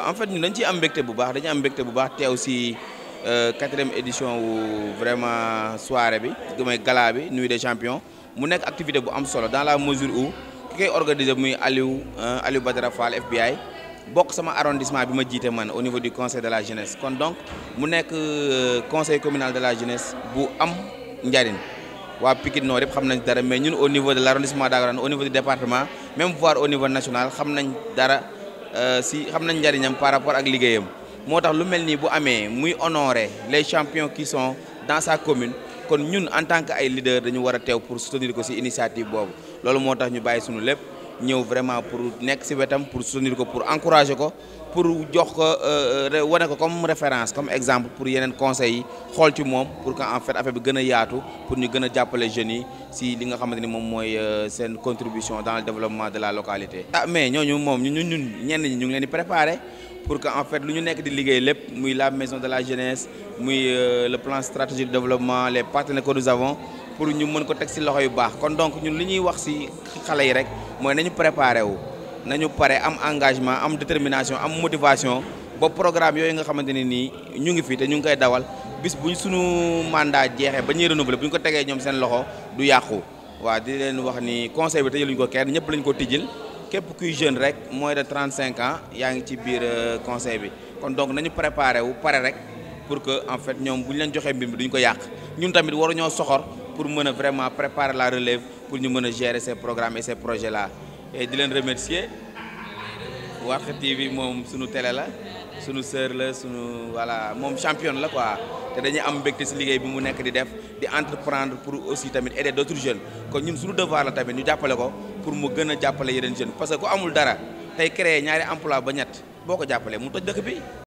en fait nous dañ ciy am mbégte bu baax nous am bu euh, quatrième édition où vraiment soirée bi gala nuit des champions avons une activité dans la mesure où nous avons Aliou euh, Aliou Badara FBI bokk sama au niveau du conseil de la jeunesse Donc, donc mu le euh, conseil communal de la jeunesse bu am que mais nous, au niveau de l'arrondissement d'Agran, au niveau du département même voire au niveau national nous avons Euh, si xam nañ njariñam par rapport ak liggéeyam moo tax lu mel nii bu amee muy honorer les champion qui sont dans sa commune kon ñun en tant que ay lider dañu war a teew pour soutenir ko si initiative boobu loolu moo tax ñu bàyyi suñu lépp ñëw vraiment pour nek ci wétam pour soutenir ko pour encourager ko pour jox ko euh, euh, wane ko comme référence comme exemple pour yenen conseils yi xool ci mom pour que en fait affaire bi gëna a yaatu pour ñu gëna jappalé jàppale jeunes yi si li nga xamanteni mom moy euh, sen contribution dans le développement de la localité. ah mais ñooñu mom ñun ñun ñen ñi ñu ngi leen di préparer pour que en fait lu ñu nekk di liggéey lépp muy la maison de la jeunesse muy le plan stratégique de développement les partenaires que nous avons. pour ñu mën ko teg si loxo yu baax kon donc ñun li ñuy wax si xale yi rek mooy nañu préparé wu nañu pare am engagement am détermination am motivation boo programme yooyu nga xamante ne nii ñu ngi fii te ñu ngi koy dawal bis buñ suñu mandat jeexee ba ñuy renouveler bu ñu ko tegee ñoom seen loxo du yàqu waaw di leen wax ni conseil bi tëjaluñ ko kenn ñëpp lañ ko tijjil képp kuy jeune rek moins de cinq ans yaa ngi ci biir euh, conseil bi kon donc nañu pour que en fait ñom bu leen joxee mbir duñ ko yaq ñun tamit ñoo soxor pour mën vraiment préparer la relève pour ñu mën gérer ces programmes et ces projets là et di leen remercier Warkha TV mom suñu télé la suñu sœur la suñu voilà mom championne la quoi té dañuy am mbégte ci liggéey bi mu nekk di def di entreprendre pour aussi tamit aider d'autres jeunes ko ñun suñu devoir la tamit ñu jappalé ko pour mu gëna jappalé jàppale yeneen jeunes parce que ko amul dara tay créer ñaari emploi ba ñatt boko jappalé mu toj dëkk bi